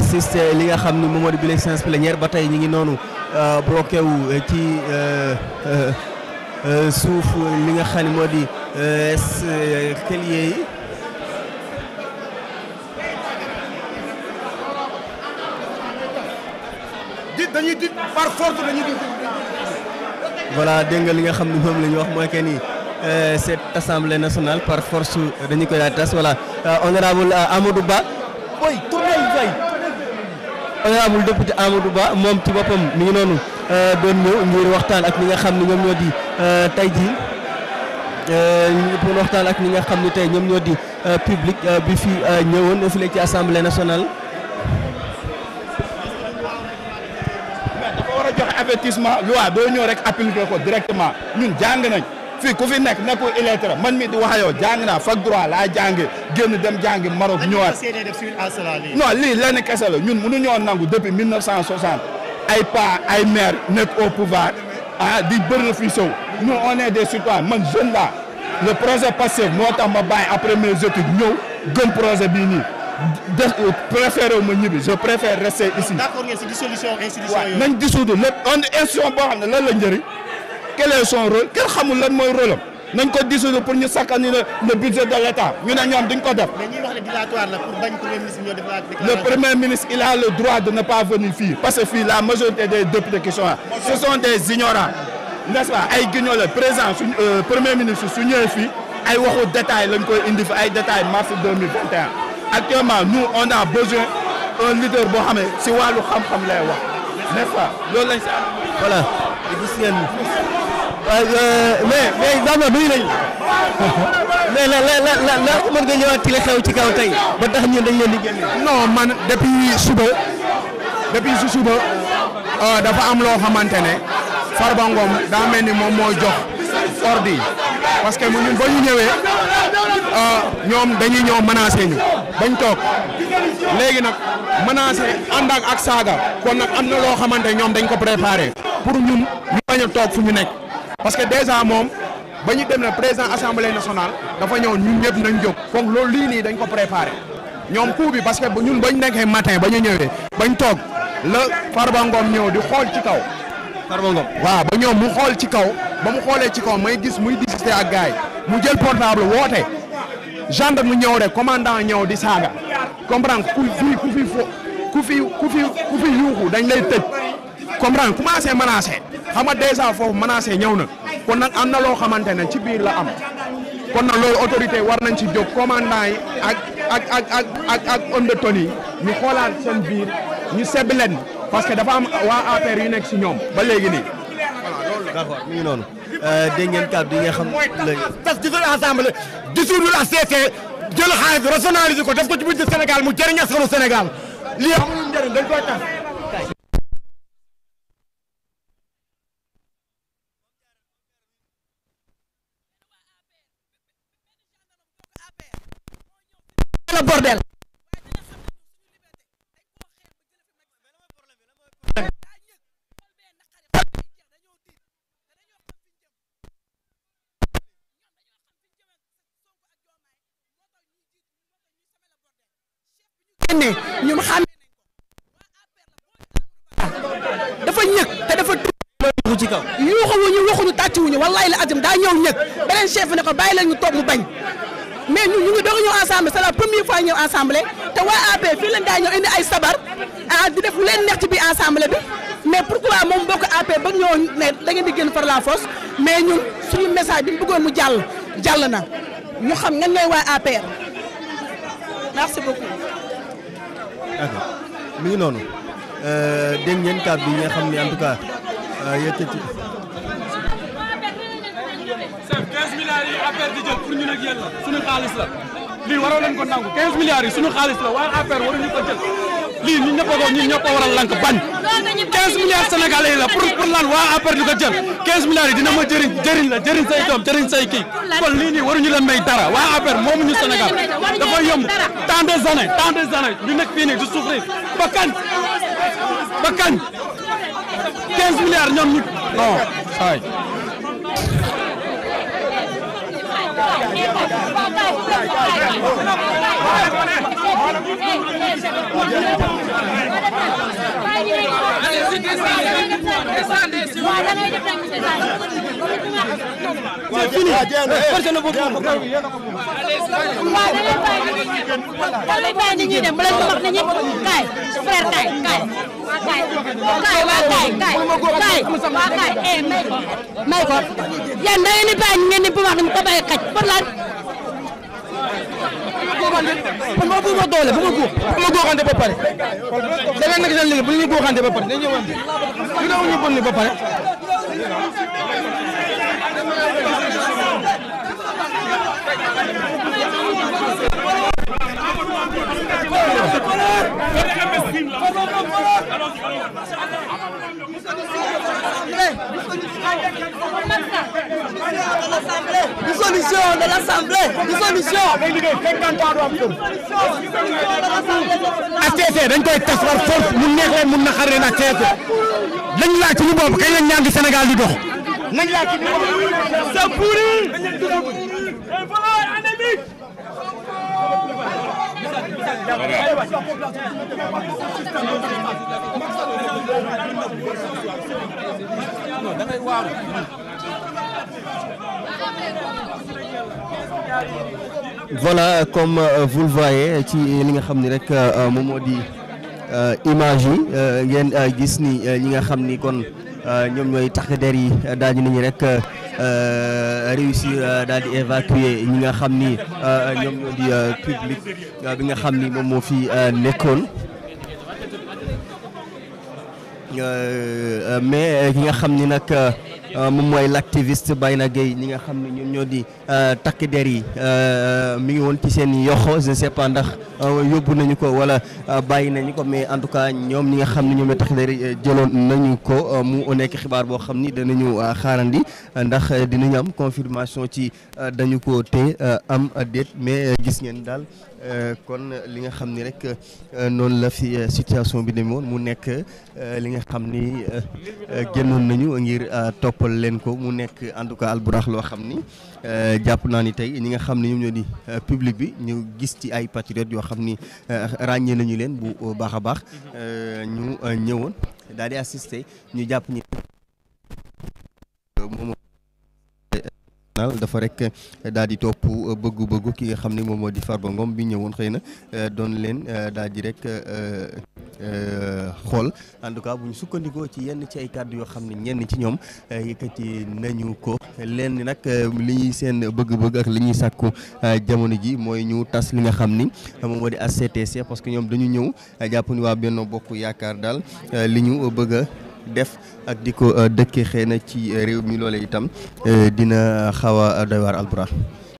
assiste li nga xam ne moom moo di bile ba tey ñu ngi noonu euh, bloqué wu euh, ci euh, suuf li nga xam moo di escalier yi. di li nga xam ne moom la ñu wax mooy que ni. cette assemblée nationale par force dañu koy daal tas voilà honorable Amadou honorable député Amadou Ba moom ci boppam mi ngi noonu euh, doon ñëw ngir waxtaan ak ñi nga xam ne ñoom ñoo di euh, tey jii pour euh, waxtaan ak ñi nga xam ne tey ñoom ñoo di public bi fi ñëwoon fële ci assemblée nationale. dafa war a joxe avertissement loi doo ñëw rek appliqué ko directement ñun jàng nañ. fii ku fi nekk nekkul man mi di wax yow jàng naa fac droit laa jàngi génn dem jàngi Maroc ñëwaat non lii lenn kese la ñun mënuñoo nangu depuis 1960 ay pa ay maire nekk au pouvoir ah di bëri fi sow nous on est des citoyens man jeune la le projet passé moo tax ma bàyyi après mes études ñëw gëm projet bii nii de préféré ma ñibbi je préfère rester ici. d'accord ngeen si dissolution institution yooyu. waaw institution boo xam ne lan la njëriñ. quel est son rôle kenn xamul lan mooy rôle am nañ ko dissoudre pour ñu sakkani le budget de l' ñu ne ñoom duñ ko def. mais ñuy wax ne le premier ministre il a le droit de ne pas venir fii parce que fii la majorité des députés qui sont là ce sont nest pas ay guignol la président euh, premier ministre su ñëwee ay waxu détail lañ koy indi fi ay détail mars 2021 actuellement nous on a besoin un leader boo xamee si wàllu xam-xam lay wax n'est-ce la loolu lañ si am voilà gis ngeen Eh, mais mais Zambia nuyu nañu mais la la la la la mën nga ñëwaat ci la xew ci kaw tey ba tax ñun dañ leen di génne. non man depuis suba depuis su suba euh, dafa am loo xamante ne Farba Ngom daa mel ni moom mooy jox ordre yi parce que ñun ba ñu ñëwee euh, ñoom dañuy ñëw menacé ñu bañ toog léegi nag menacé ànd ak ak saaga kon nag am na loo xamante ñoom dañ ko préparé pour ñun ñu bañ a toog fu ñu nekk. parce que déjà moom ba ñu dem ne président assemblée nationale dafa ñëw ñun ñëpp nañ jóg donc loolu lii nii dañ ko préparé ñoom coup bi parce que ñun bañ nekkee matin ba ñëwee bañ toog la Farba Ngom ñëw di xool ci kaw. Farba waaw ba ñoom mu xool ci kaw ba mu xoolee ci kaw may gis mu discuter ak gars yi mu jël portable woote gendarme mu ñëw rek commandant ñëw di saaga comprendre ku fi ku fi ku fi yuuxu dañ lay tëj comprendre commencé menacé. xam nga dèjà foofu menacé ñëw na kon nag am na loo xamante ne ci biir la am kon nag loolu autorité war nañ ci jóg commandant yi ak ak ak ak ak ak homme de tenue yi ñu xoolaat seen biir ñu seb leen parce que dafa am waa APR yu nekk si ñoom ba léegi nii d'accord mi ngi noonu euh, dégg ngeen kàddu yi nga xam léegi tas di suñu assemblée di suñu ACC jël xaalis rationaliser ko def ko ci budget Sénégal mu jëriñ askanu Sénégal lii amul njëriñ dañ koy tas ne ñun xàmme dafa ñëg te dafa tuuti ci kaw yuuxuwuñu waxuñu tàccuwuñu wallaay la ajam daa ñëw ñëg beneen chef ne ko bàyyi leen ñu toog mu bañ mais ñun ñu ngi doog ñëw ensemble c'est la première fois ñëw ensemble te waa AP fii lañ daa ñëw indi ay sabar ah di def lu leen neex ci biir ensemble bi mais pourquoi moom bokk AP ba ñoo ne da di génn par la mais ñu suñu message bi ñu bëggoon mu jàll jàll na ñu xam ngeen ngay waa APR merci beaucoup d'accord mi ngi noonu euh, dégg ngeen kàddu yi nga xam ne en tout cas yëkkati. chef suñu xaalis la lii waroo leen ko nangu 15 yi suñu xaalis la waaye affaire waruñu ko jël lii ñun ñëpp a ko ñun a waral bañ. xaalis Sénégalais yi la pour pour lan waa APR di ko jël 15 milliards yi dina ma jëriñ jëriñ la jëriñ say doom jëriñ say kii kon lii nii waruñu leen may dara waa APR moomuñu Sénégal dafa yomb tant des années tant des années ñu nekk fii nii di souffrir ba kañ ba kañ 15 milliards ñoom ñu non saay may ko yan da ngeen di bàyyi ngeen di bu wax ni ko bàyyi xaj pour lan kon ma buur ma doole bu ma góox bu ma góoxante ba pare da nga nekk seen liggéey bu ñu góoxante ba pare dañuy wan ñu daw ñu bonni ba pare Amadou l'Assemblée. Dissolution de l'Assemblée. Dissolution. ak TFC dañ koy tas war force mu neex leen mu naqar leen ak TFC dañ laaj ci lu boobu kañ lañ ñaan di Sénégal di dox nañ laaj ci lu boobu c'est pourri voilà comme euh, vous le voyez ci euh, li nga xam ni rek euh, moom di image yi ngeen gis ni ñi nga xam ni kon ñoom ñooy takk der yi daañu nañu rek. Euh, réussir euh, daal di évacuer ñi nga xam ni euh, ñoom ñoo di public bi nga xam ni moom moo fi nekkoon. mais ki nga xam ni nag. Euh, moom mooy l'activiste Bayna Gueye ñi nga xam ne ñoom ñoo di euh, takk der yi euh, mi ngi woon ci seen yoxo je ne ndax yóbbu nañu ko wala bàyyi nañu ko mais en tout cas ñoom ñi nga xam ne ñoom ñoo takk der yi jëloon nañu ko mu nekk xibaar boo xam ni danañu xaarandi ndax dinañu am confirmation ci dañu ko te am déet mais gis ngeen daal kon li nga xam ni rek noonu la fi situation bi demee woon mu nekk li nga xam ni génnoon nañu ngir topp noppal leen ko mu nekk en tout cas alburax loo xam ni euh, jàpp naa ni tey ñi nga xam ne ñoom ñoo di euh, public bi ñu gis ci ay patriotes yoo xam ni euh, ràññee nañu leen bu baax a baax mhm. ñu ñëwoon daal di assister ñu jàpp ni national dafa rek eh, daal di topp eh, bëggu-bëggu ki nga xam ne moom moo di Farba Ngom bi ñëwoon xëy na eh, doon leen daal di rek xool en tout cas bu ñu sukkandikoo ci yenn ci ay kàddu yoo xam ne ñenn ci ñoom yëkkati nañu ko leen nag li ñuy seen bëgg-bëgg ak li ñuy sàkku jamono ji mooy ñu tas li nga xam ni moom moo di ACTC parce que ñoom dañu ñëw jàpp ni waa Benno Bokk Yaakaar daal li ñu bëgg def ak di ko euh, dëkkee xëy na ci euh, réew mi loole itam euh, dina xaw a doy waar